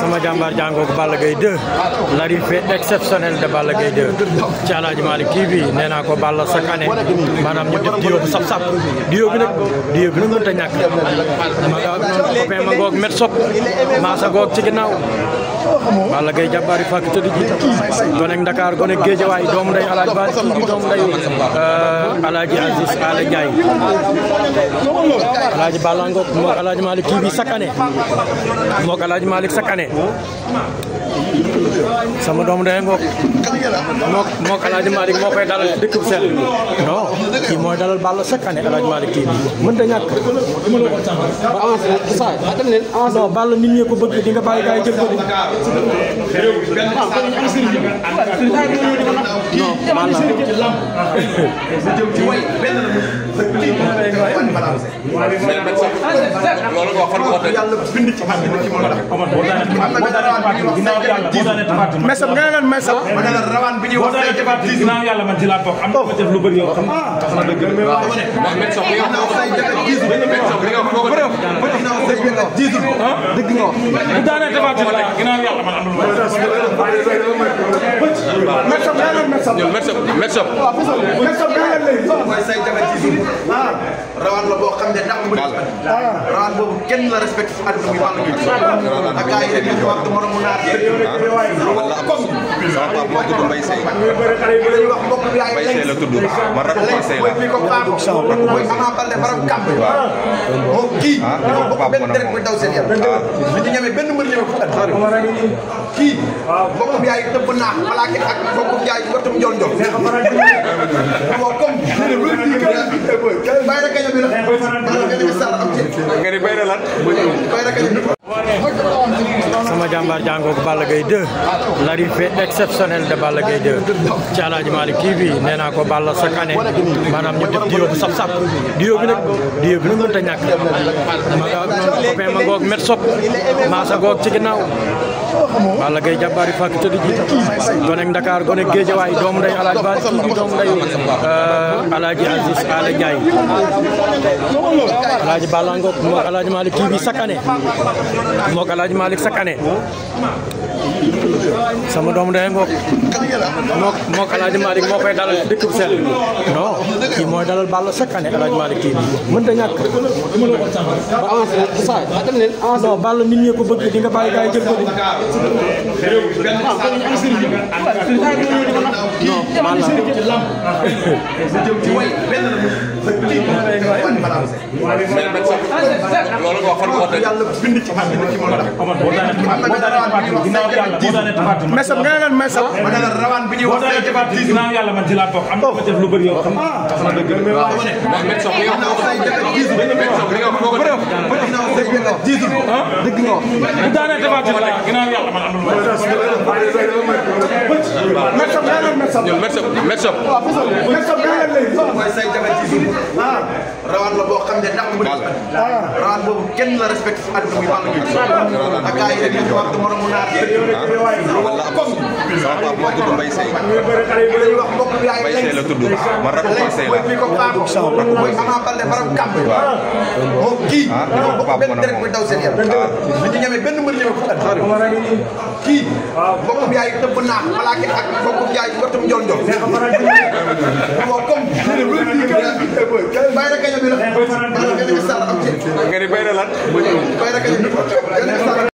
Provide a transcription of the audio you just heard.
sama jàmbaar jàngoog Balla Gaye 2 l'arrivée exceptionnelle de Balla Gaye 2 ci Aladji Malick TV nee ko Balla chaque année maanaam ñu def diwo bu sap-sap diwo bi nag diwo bi nag mënut a ñàkk ma nga met sop maasa goog ci ginnaaw Balla Gaye jàmbaar yi fàkk ca di jiita gonek Ndakaar gonek Géejawaay doomu nday nday euh, alaaji Aziz Ala Ngok mook alaaji Malick kii bi mook alaaji Malick chaque sama doomu ndey ngoog mook mook El Hadj Malick moo koy dalal dëkk bu sell non kii mooy dalal Balla chaque année El Hadj kii mën da ñàkk ba avancé dem ko bëgg di nga bàyyi jël ko di non mesam nga leen mesam wala rawaan bi ñuy wax ginaaw yàlla man ci laa toog am na def lu bëri yoo xam ah tax na dëgg mais wax mesam li nga wax ay jëkkal gisul mesam li nga wax ko def dëgg nga wax gisul dëgg nga wax bu daanee tabaat la ginaaw yàlla man am lu rawaan la boo xam ne dàq bu rawaan boobu kenn la respecté si àdduna muy Balla Gaye ak ay yéen ñu wax dama doon naan comme Mbaye Seye dañuy wax mbokk bi ay Seye la tudd man rakk Mbaye Seye la mooy Ama Baldé faram kàmb moom kii dafa bokk benn deret muy daw seen yaram li ci ñemee benn mën ñeme ko kii bokk bi ay tëbb naax ak mbokku jaay mbottum njool njool. waaw comme. bayra kaña bi eh, la. nga ni sama jàmbaar jàngoog Balla Gaye 2 l'arrivée exceptionnelle de Balla Gaye 2 ci Aladji TV nee naa ko Balla chaque année maanaam ñu def diyo bu sap-sap diyo bi bi nag mënut a ñàkk ma nga copain ma ngoog met sop maasa ngoog ci ginnaaw Balla Gaye jàmbaari fàkk tëdd ji gonek Ndakaar gonek Géejawaay doomu nday Alaaji Ba tuuti doomu nday euh, Alaaji Aziz Ala Ndiaye Alaaji Balla Ngok mook sama doomu ndey ngoog mook mook El Hadj Malick moo koy dalal dëkk bu sell non kii mooy dalal Balla chaque année El Hadj Malick kii mënut a ñàkk. ba avancé bu saa yi atam leen avancé non Balla nit ñi ko bëgg di nga bàyyi gars yi jël ko di. non maanaam. yàlla moo daanee tafaati ma. mesam nga ne mesam. ma ne la rawaan bi ñuy wax tey tafaati bi naan yàlla man ci laa toog am na ma def lu bëri yow xam nga. tax na dëgg la waaw wax dëgg nga wax. bu daanee tafaati la ginnaaw yàlla man amul ma. mesam nga ne mesam. boobu kenn la respecté si àdduna muy Balla Gaye ak gars yi dañuy def wax dama doon naan dëgg la comme sama papa moo tudd Mbaye Seye dañuy wax mbokk bi Mbaye Seye la tudd ma rakk Mbaye Seye la fi ko faako mooy Ama Baldé baram kàmb moom kii dafa bokk benn deret muy daw seen yaram li ci ñemee benn mën ñëwee ko at kii mbokk bi yaay tëbb naax balaa ak mbokk bi yaay ngotum njool njool waaw comme ni bay na lan ma ñëw